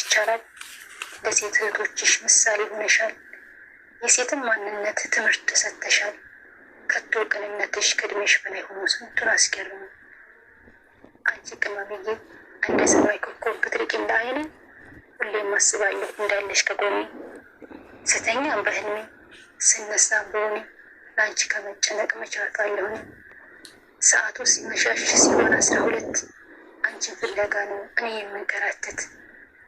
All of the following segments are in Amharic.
ይቻላል። ለሴት እህቶችሽ ምሳሌ ሆነሻል። የሴትን ማንነት ትምህርት ተሰጥተሻል። ከቶ ቅንነትሽ ከእድሜሽ በላይ ሆኖ ስንቱን አስገርም አንቺ ቅመምዬ እንደ ሰማይ ኮከብ ብትርቂ እንደ አይነ ሁሌም አስባለሁ እንዳለሽ ከጎኔ ስተኛ በህልሜ ስነሳ በሆኔ ለአንቺ ከመጨነቅ መቻታለሁ። ሰዓቱ ሲመሻሽ ሲሆን አስራ ሁለት አንቺን ፍለጋ ነው እኔ የምንከራተት።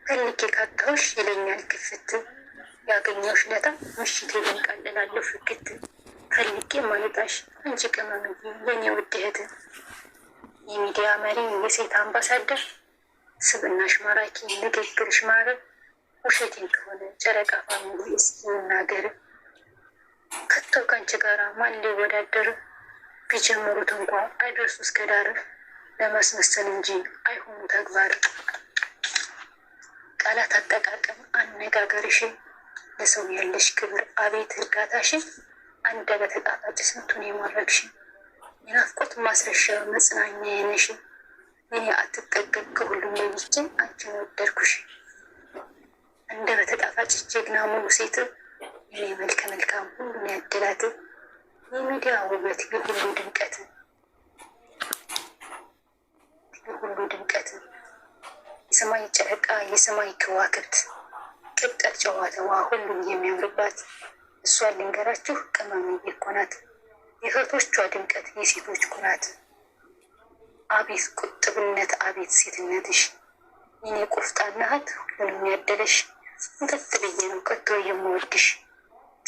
ፈልጌ ካጣሁሽ ይለኛል ክፍት ያገኘሁሽ ነታ ምሽት የምንቃለላለሁ ፍክት ፈልጌ ማለጣሽ አንቺ ቅመምዬ የኔ ውድ እህት የሚዲያ መሪ የሴት አምባሳደር ስብናሽ ማራኪ ንግግርሽ ማረብ ውሸቴን ከሆነ ጨረቃ ፋሚሊ እስኪ ይናገር ከቶ ከአንቺ ጋራ ማን ሊወዳደር ቢጀምሩት እንኳ አይደርሱ እስከ ዳር ለማስመሰል እንጂ አይሆኑ ተግባር የቃላት አጠቃቀም አነጋገርሽን፣ ለሰው ያለሽ ክብር፣ አቤት እርጋታሽን፣ አንደበተ ጣፋጭ ስንቱን የማረግሽን፣ የናፍቆት ማስረሻ መጽናኛ የነሽን፣ እኔ አትጠገብ ከሁሉም ለይችን አንቺን ወደድኩሽ። አንደበተ ጣፋጭ ጀግና ሙሉ ሴት እኔ መልከ መልካም ሁሉን ያደላት የሚዲያ ውበት የሁሉ ድምቀት የሁሉ ድምቀት የሰማይ ጨረቃ፣ የሰማይ ከዋክብት ቅብጠት ጨዋታዋ ሁሉም የሚያምርባት እሷን ልንገራችሁ ቀማሚዬ እኮ ናት። የእህቶቿ ድምቀት የሴቶች ኩራት። አቤት ቁጥብነት፣ አቤት ሴትነትሽ የኔ ቆፍጣና እህት ሁሉንም ያደለሽ እንቅት ብዬ ነው ቀጥቶ የምወድሽ።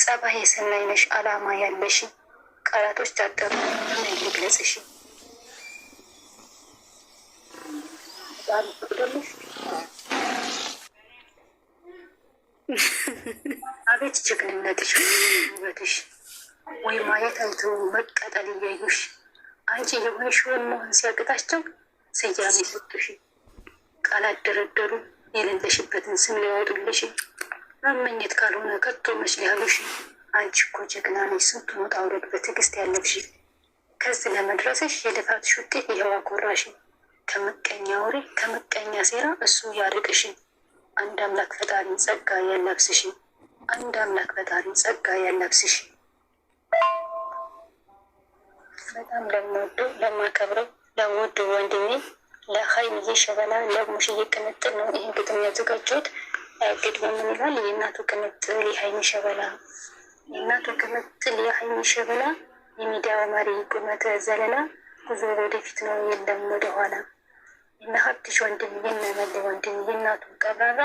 ጸባይ የሰናይ ነሽ፣ አላማ ያለሽ ቃላቶች አጠሩ ምን ልግለጽሽ? አቤት ጀግንነትሽ፣ ውበትሽ ወይ ማየት አይቶ መቀጠል እያዩሽ አንቺ የሆንሽውን መሆን ሲያቅታቸው ስያሜ ሰጡሽ። ቃላት ደረደሩ የሌለሽበትን ስም ሊያወጡልሽ። መመኘት ካልሆነ ከቶ መች ሊያሉሽ። አንቺ እኮ ጀግና ነሽ፣ ስንቱን ውጣ ውረድ በትዕግስት ያለፍሽ። ከዚህ ለመድረስሽ የልፋትሽ ውጤት ይኸው አኮራሽ። ከምቀኛ ወሬ ከምቀኛ ሴራ እሱ ያርቅሽን አንድ አምላክ ፈጣሪን ጸጋ ያላብስሽ፣ አንድ አምላክ ፈጣሪን ጸጋ ያላብስሽ። በጣም ለምወደው ለማከብረው ለውዱ ወንድሜ ለሀይልዬ ሸበላ ለሙሽዬ ቅንጥል ነው ይህን ግጥም ያዘጋጀሁት። ግጥሙ ምን ይላል? የእናቱ ቅንጥል የሀይሚ ሸበላ፣ የእናቱ ቅንጥል የሀይሚ ሸበላ፣ የሚዲያው መሪ ቁመት ዘለላ፣ ጉዞ ወደፊት ነው የለም ወደኋላ የሀብትሽ ወንድም የነመድ ወንድም የእናቱ ቀብራራ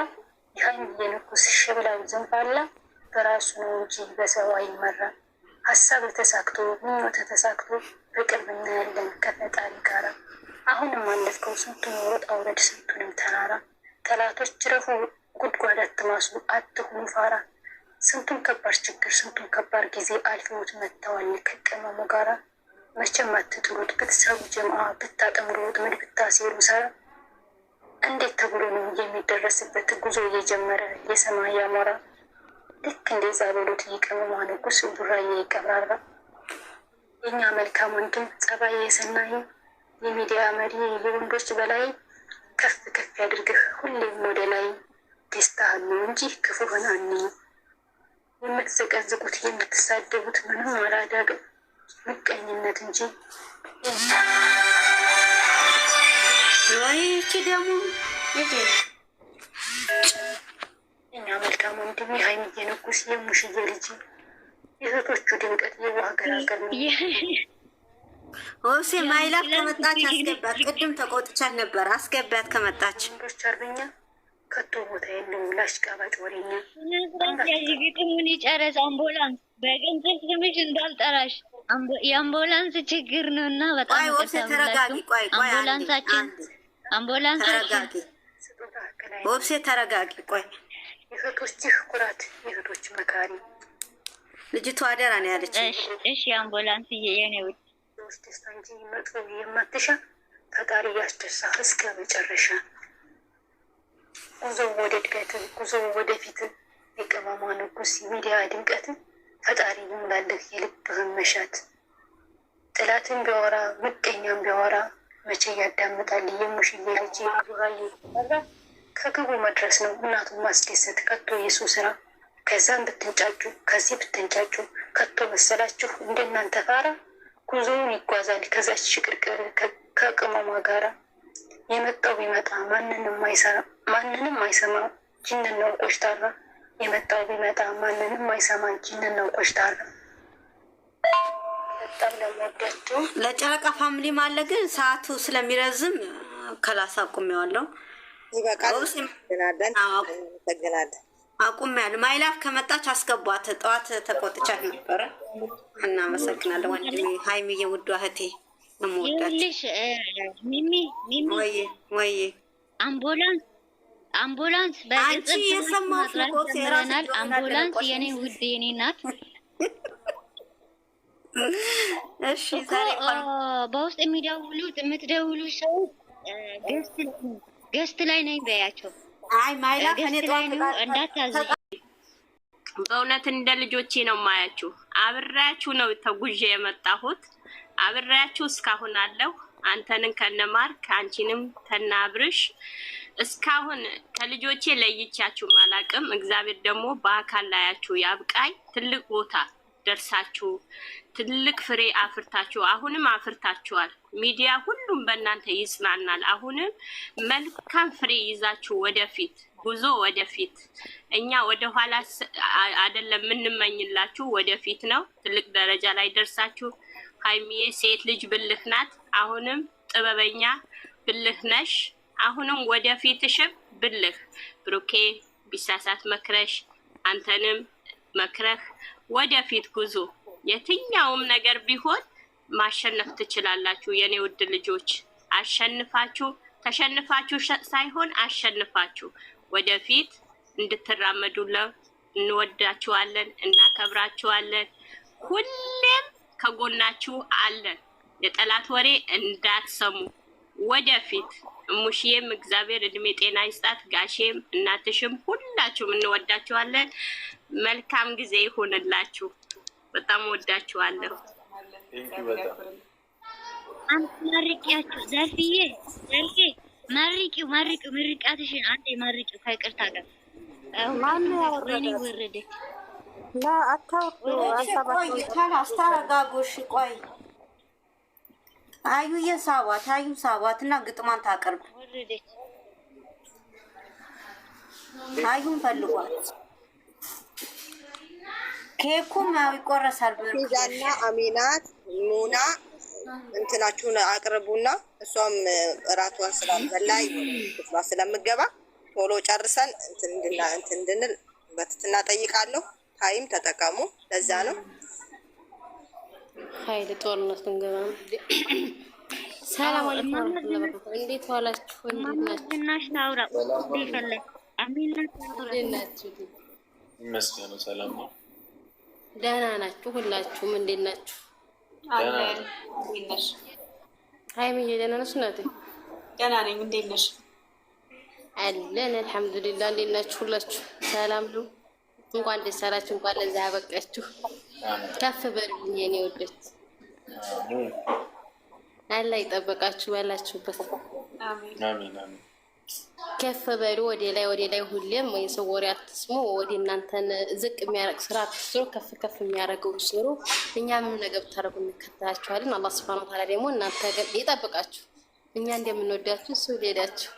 ይህን የንኩስ ሽብላዊ ዝንባላ በራሱ ነው እንጂ በሰው አይመራ። ሀሳብ ተሳክቶ ምኞት ተሳክቶ በቅርብ እናያለን ከፈጣሪ ጋራ። አሁንም አለፍከው ስንቱን ውጣ ውረድ ስንቱንም ተራራ። ጠላቶች ረፉ ጉድጓድ አትማሱ አትሁኑ ፋራ። ስንቱን ከባድ ችግር ስንቱን ከባድ ጊዜ አልፈውት መጥተዋል ከቀመሙ ጋራ መቼም አትጥሉት። ብትሰሩ ጀምአ ብታጠምሩት ምን ብታሴሩ እንዴት ተብሎ ነው የሚደረስበት? ጉዞ እየጀመረ የሰማይ ያሞራ ልክ እንደ ዛበሎት እየቀመማ ንጉስ ቡራዬ ይቀብራራ የእኛ መልካም ወንድም ጸባይ የሰናይ የሚዲያ መሪ የወንዶች በላይ ከፍ ከፍ ያድርግህ ሁሌም ወደ ላይ ደስታህን ነው እንጂ ክፉህን አንኝ። የምትዘቀዝቁት የምትሳደቡት ምንም አላዳግም። ምቀኝነት እንጂ ይቺ ደግሞ እኛ መልካም ወንድሜ ሀይሚዬ ንጉስ የሙሽዬ ልጅ የእህቶቹ ድምቀት የዋገራገር ወብሴ ማይላት ከመጣች አስገባት። ቅድም ተቆጥቻት ነበር። አስገባት ከመጣች ወንዶች አርበኛ ከቶ ቦታ የለው ላሽቃባጭ ወሬኛ ግጥሙን ይጨረስ አምቡላንስ በቅንጽል ስምሽ እንዳልጠራሽ የአምቡላንስ ችግር ነው እና በጣም ወብሴ ተረጋጊ። ቆይ ቆይ፣ አምቡላንሳችን አምቡላንስ ተረጋጊ። ወብሴ ተረጋጊ። ቆይ የእህቶችህ ኩራት የእህቶች መካሪ ልጅቷ አደራ ነው ያለች። እሺ አምቡላንስ እየየኔ ውድ ውስጥ ደስታ እንጂ መጥፎ የማትሻ ፈጣሪ ያስደሳ እስከ መጨረሻ ጉዞ ወደ እድገትን ጉዞ ወደፊትን የቀማማ ንጉስ ሚዲያ ድምቀትን ፈጣሪ ይሙላልህ የልብህን መሻት። ጥላትን ቢያወራ ምቀኛን ቢያወራ መቼ ያዳምጣል? የሙሽዬ ልጅ ከግቡ መድረስ ነው እናቱን ማስደሰት ከቶ የሱ ስራ። ከዛም ብትንጫጩ ከዚህ ብትንጫጩ ከቶ መሰላችሁ እንደናንተ ፋራ ጉዞውን ይጓዛል ከዛች ሽቅርቅር ከቅመሟ ጋራ የመጣው ቢመጣ ማንንም አይሰማ ጅንን ነው ቆሽታራ የመጣው ቢመጣ ማንንም አይሰማን። ኪንን ነው ቆሽታለን። በጣም ለመወዳችሁ ለጨረቃ ፋሚሊ ማለ ግን ሰዓቱ ስለሚረዝም ከላስ አቁሜዋለሁ። ያሉ ማይላፍ ከመጣች አስገቧት። ጠዋት ተቆጥቻት ነበረ። እናመሰግናለን ወንድሜ ሀይሚ የውዱ እህቴ ሚሚ ሚሚ። ወይ ወይ አምቡላንስ አምቡላንስ በግልጽናል። አምቡላንስ የኔ ውድ የኔ ናት። በውስጥ የሚደውሉት የምትደውሉ ሰው ገስት ላይ ነኝ በያቸው በእውነት እንደ ልጆቼ ነው ማያችሁ። አብሬያችሁ ነው ተጉዤ የመጣሁት። አብሬያችሁ እስካሁን አለሁ። አንተንም ከነማርክ አንቺንም ከነአብርሽ እስካሁን ከልጆቼ ለይቻችሁ አላቅም። እግዚአብሔር ደግሞ በአካል ላያችሁ ያብቃኝ። ትልቅ ቦታ ደርሳችሁ ትልቅ ፍሬ አፍርታችሁ አሁንም አፍርታችኋል። ሚዲያ ሁሉም በእናንተ ይጽናናል። አሁንም መልካም ፍሬ ይዛችሁ ወደፊት ጉዞ ወደፊት። እኛ ወደኋላ አይደለም የምንመኝላችሁ፣ ወደፊት ነው። ትልቅ ደረጃ ላይ ደርሳችሁ። ሀይሚዬ ሴት ልጅ ብልህ ናት። አሁንም ጥበበኛ ብልህ ነሽ። አሁንም ወደፊትሽም ብልህ ብሩኬ ቢሳሳት መክረሽ አንተንም መክረህ ወደፊት ጉዞ የትኛውም ነገር ቢሆን ማሸነፍ ትችላላችሁ። የኔ ውድ ልጆች አሸንፋችሁ ተሸንፋችሁ ሳይሆን አሸንፋችሁ ወደፊት እንድትራመዱ እንወዳችኋለን፣ እናከብራችኋለን። ሁሌም ከጎናችሁ አለን። የጠላት ወሬ እንዳትሰሙ። ወደፊት እሙሽዬም እግዚአብሔር እድሜ ጤና ይስጣት። ጋሼም እናትሽም ሁላችሁም እንወዳችኋለን። መልካም ጊዜ ይሁንላችሁ። በጣም ወዳችኋለሁ። መርቂያችሁ ዘርፍዬ ዘርፌ መርቂው መርቂው ምርቃትሽን አንዴ መርቂው ከይቅርታ ጋር ማነው ያወረደ ወረደ እና አታውቁ አሳባችሁ ቆይ ቆይ አዩ የሳባት አዩ ሳባት እና ግጥማን ታቀርብ አዩን ፈልጓት። ኬኩም ያው ይቆረሳል። ዛና አሚናት ሙና እንትናችሁን አቅርቡና እሷም እራቷን ስላልበላ ስባ ስለምገባ ቶሎ ጨርሰን እንትን እንድንል በትትና ጠይቃለሁ። ታይም ተጠቀሙ። ለዛ ነው ኃይል ጦርነት እንገባ ነው። ሰላም እንዴት ዋላችሁ? እንዴት ሰላም ነው? ደህና ናችሁ? ሁላችሁም እንዴት ናችሁ? ሀይሚዬ ደህና ነሽ? እናቴ ደህና ነኝ። እንዴት ነሽ? አለን አልሐምዱሊላህ። እንዴት ናችሁ? ሁላችሁ ሰላም ነው? እንኳን ደስ አላችሁ። እንኳን ለዚህ አበቃችሁ። ከፍ በልኝ የኔ ወደት አላህ ይጠበቃችሁ ባላችሁበት። ከፍ በሉ ወደ ላይ ወደ ላይ። ሁሌም ወይ ሰው ወሬ አትስሙ። ወደ እናንተን ዝቅ የሚያደርግ ስራ አትስሩ። ከፍ ከፍ የሚያደርገው ስሩ። እኛ ምንም ነገር ብታደርጉ እንከተላችኋለን። አላህ ስብሐነ ወተዓላ ደግሞ እናንተ ይጠብቃችሁ። እኛ እንደምንወዳችሁ እሱ ሌዳችሁ።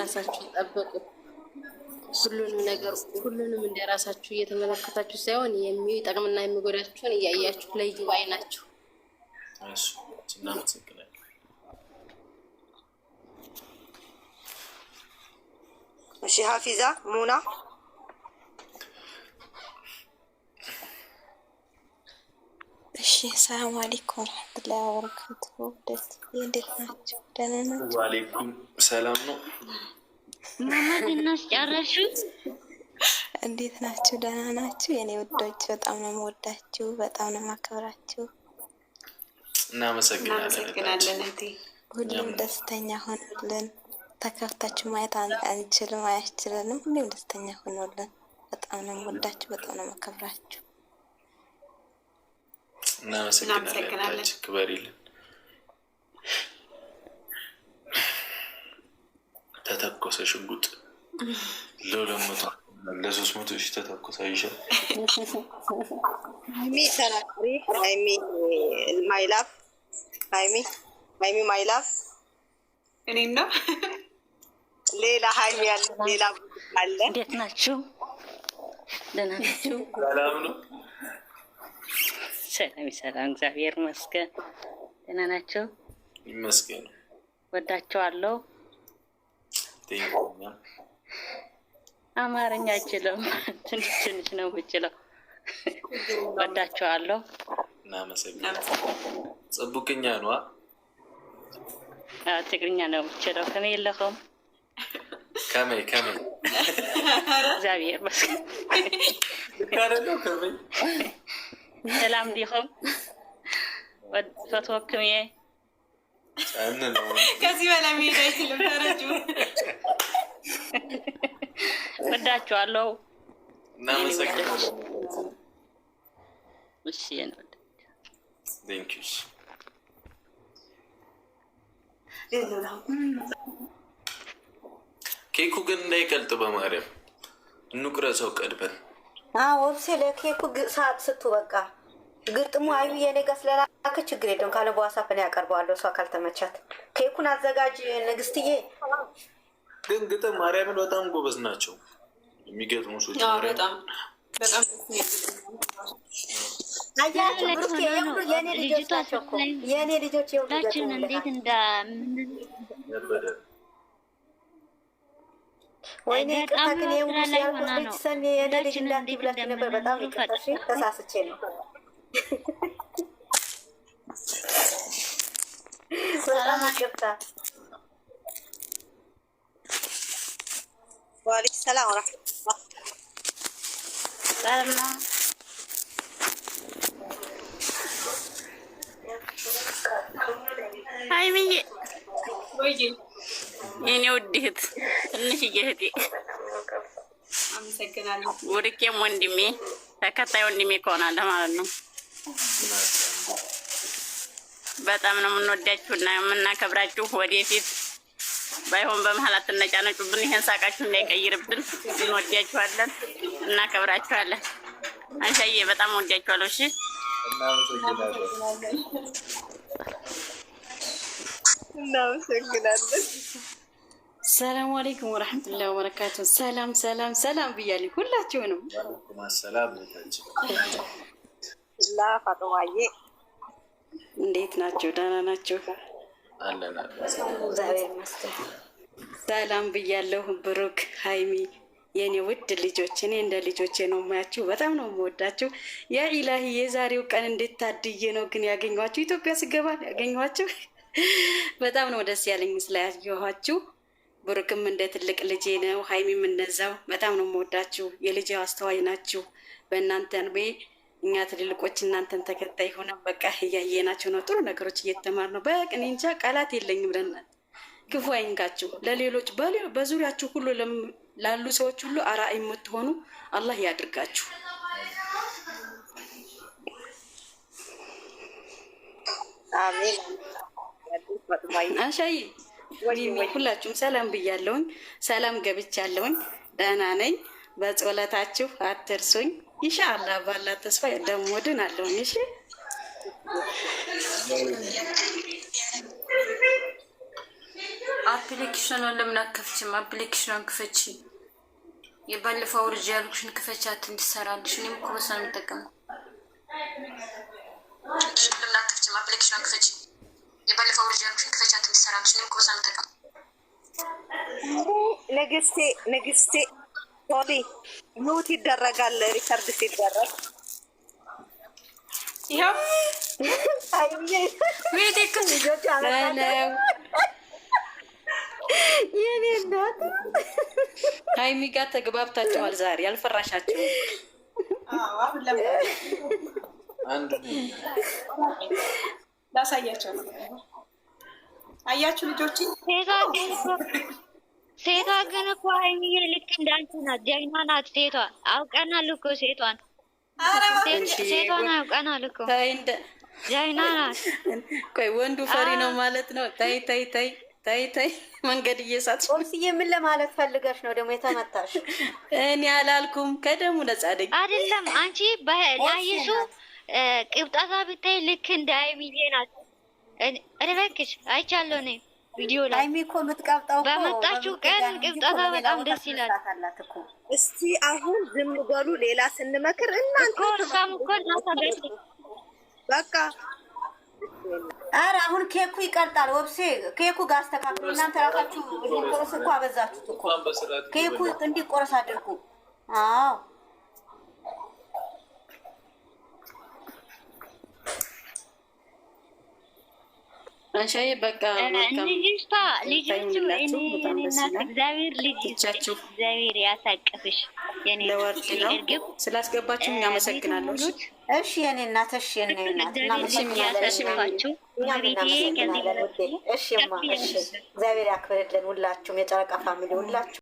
ራሳችሁን ጠብቁ። ሁሉንም ነገር ሁሉንም እንደ ራሳችሁ እየተመለከታችሁ ሳይሆን የሚጠቅምና የሚጎዳችሁን እያያችሁ ለዩ ባይ ናቸው። እሺ ሀፊዛ ሙና እሺ ሰላም አለይኩም ወራህመቱላሂ ወበረካቱሁ። ደስ እንዴት ናቸው። ደህና ናቸው። ወአለይኩም ሰላም ነው ማማት እናስጨረሹ። እንዴት ናችሁ? ደህና ናችሁ? የኔ ውዶች በጣም ነው የምወዳችሁ፣ በጣም ነው የማከብራችሁ። እናመሰግናለን። ሁሉም ደስተኛ ሆኖልን ተከፍታችሁ ማየት አንችልም አያችልንም። ሁሉም ደስተኛ ሆኖልን በጣም ነው የምወዳችሁ፣ በጣም ነው የማከብራችሁ። እናመሰግናለን። ክበሪልን ተተኮሰ ሽጉጥ ለሁለት መቶ ለሶስት መቶ ሺህ ተተኮሰ። አይሻል ሀይሚ ተናገሪ። ሀይሚ ማይላፍ ሀይሚ ሀይሚ ማይላፍ እኔም ነው ሌላ ሀይሚ ያለ ሌላ አለ። እንዴት ናችሁ? ደህና ናችሁ? ሰላም ነው። ሰላም ሰላም፣ እግዚአብሔር ይመስገን። ደህና ናቸው ይመስገን። ወዳቸዋለሁ አማርኛ አይችልም። ትንሽ ትንሽ ነው የምችለው። ወዳቸዋለሁ። እናመሰግናለን። ጽቡቅኛ ነዋ። ትግርኛ ነው የምችለው። ከመይ የለኸውም? ከመይ ከመይ እግዚአብሔር ይመስገን። ሰላም ዲኹም ፈትወክምየ ከዚህ በላይ መሄድ አይችልም። ተረጁ ወዳችኋለሁ። ኬኩ ግን እንዳይቀልጥ በማርያም እንቁረሰው ቀድበን ወብሴ ለኬኩ ሰዓት ስቱ በቃ ግጥሙ አዩ የኔ ጋ ስለላከ ችግር የለውም ካለ በዋሳፕ ላይ ያቀርበዋለሁ። እሷ ካልተመቻት ኬኩን አዘጋጅ ንግስትዬ። ግን ግጥም ማርያምን በጣም ጎበዝ ናቸው የሚገጥሙ ሰዎች ልጆች የኔ ነው። ዋሌኩም ሰላም ወረሕመቱላህ ሀይሚዬ የእኔ ውድ ትንሽዬ እህቴ ወርቄም ወንድሜ ተከታይ ወንድሜ ከሆናለህ ማለት ነው። በጣም ነው የምንወዳችሁ እና የምናከብራችሁ። ወደፊት ባይሆን በመሀል አትነጫነጩብን፣ ይሄን ሳቃችሁ እንዳይቀይርብን። እንወዳችኋለን፣ እናከብራችኋለን። አንሻዬ በጣም ወዳችኋለሁ። እሺ እናመሰግናለን። ሰላም አሌይኩም ወረህመቱላሂ ወበረካቱ። ሰላም ሰላም ሰላም ብያለሁ ሁላችሁንም። ላ ፈጠዋዬ እንዴት ናቸው? ደህና ናቸው። ሰላም ብያለሁ። ብሩክ ሀይሚ የኔ ውድ ልጆች፣ እኔ እንደ ልጆቼ ነው ማያችሁ። በጣም ነው የምወዳችሁ። የኢላሂ የዛሬው ቀን እንዴት ታድዬ ነው ግን ያገኘኋችሁ። ኢትዮጵያ ስገባ ያገኘኋችሁ በጣም ነው ደስ ያለኝ ስላየኋችሁ። ብሩክም እንደ ትልቅ ልጄ ነው፣ ሀይሚም እንደዛው። በጣም ነው የምወዳችሁ። የልጄ አስተዋይ ናችሁ። በእናንተ ቤ እኛ ትልልቆች እናንተን ተከታይ ሆነ በቃ እያየናቸው ነው። ጥሩ ነገሮች እየተማር ነው። በቅ እኔ እንጃ ቃላት የለኝም። ለእናንተ ክፉ አይንካችሁ። ለሌሎች በዙሪያችሁ ሁሉ ላሉ ሰዎች ሁሉ አራ የምትሆኑ አላህ ያድርጋችሁ። አሻይ ሁላችሁም ሰላም ብያለውኝ። ሰላም ገብቻለሁኝ። ደህና ነኝ። በጸሎታችሁ አትርሱኝ። ኢንሻአላህ ባላ ተስፋ ደግሞ ወድን አለውን። እሺ አፕሊኬሽኑን ለምን አከፍችም? አፕሊኬሽኑን ክፈች። የባለፈው ልጅ ያልኩሽን ክፈቻት እኔም እኮ ነው የምጠቀመው። ለምን አከፍችም? አፕሊኬሽኑን ክፈች። የባለፈው ልጅ ያልኩሽን ክፈቻት እንድሰራልሽ። እኔም እኮ ነው የምጠቀመው። ንግስቴ ንግስቴ ሶሊ ኑት ይደረጋል። ሪከርድ ሲደረግ የኔ እናት ሀይሚ ጋር ተግባብታችኋል። ዛሬ አልፈራሻችሁም። ላሳያቸው አያችሁ ልጆች ሴቷ ግን እኮ ሀይሚዬ ልክ እንዳንቺ ናት፣ ጀግና ናት። ሴቷ አውቀናል እኮ ሴቷን ሴቷን አውቀናል እኮ ጀግና ናት። ቆይ ወንዱ ፈሪ ነው ማለት ነው። ታይ ታይ ታይ ታይ ታይ መንገድ እየሳት ኦምስዬ፣ ምን ለማለት ፈልገሽ ነው ደግሞ የተመታሽ? እኔ አላልኩም። ከደሙ ነጻ ደግ አይደለም። አንቺ ላይሱ ቅብጣታ ብታይ ልክ እንደ ሀይሚዬ ናት። እባክሽ አይቻለሁ እኔ ቪዲዮ ላይ ሀይሚ እኮ የምትቀብጠው በመጣችሁ ቀን ቅብጠታ በጣም ደስ ይላል። እስቲ አሁን ዝም በሉ፣ ሌላ ስንመክር እናንተ እሷም እኮ በቃ ኧረ አሁን ኬኩ ይቀልጣል። ወብሴ ኬኩ ጋር አስተካክሉ። እናንተ ራሳችሁ እንዲቆረስ እኮ አበዛችሁት እኮ ኬኩ እንዲቆረስ አድርጉ። አዎ አንሻዬ በቃ ልጅቷ ልጆቹ እናት እግዚአብሔር ልጅ እግዚአብሔር ያሳቅፍሽ። ለወርቅ ስላስገባችሁ እናመሰግናለሁ። እሺ የኔ እናት እሺ እናመሰግናለሁ። እግዚአብሔር ያክብርልን ሁላችሁም የጨረቃ ፋሚሊ ሁላችሁ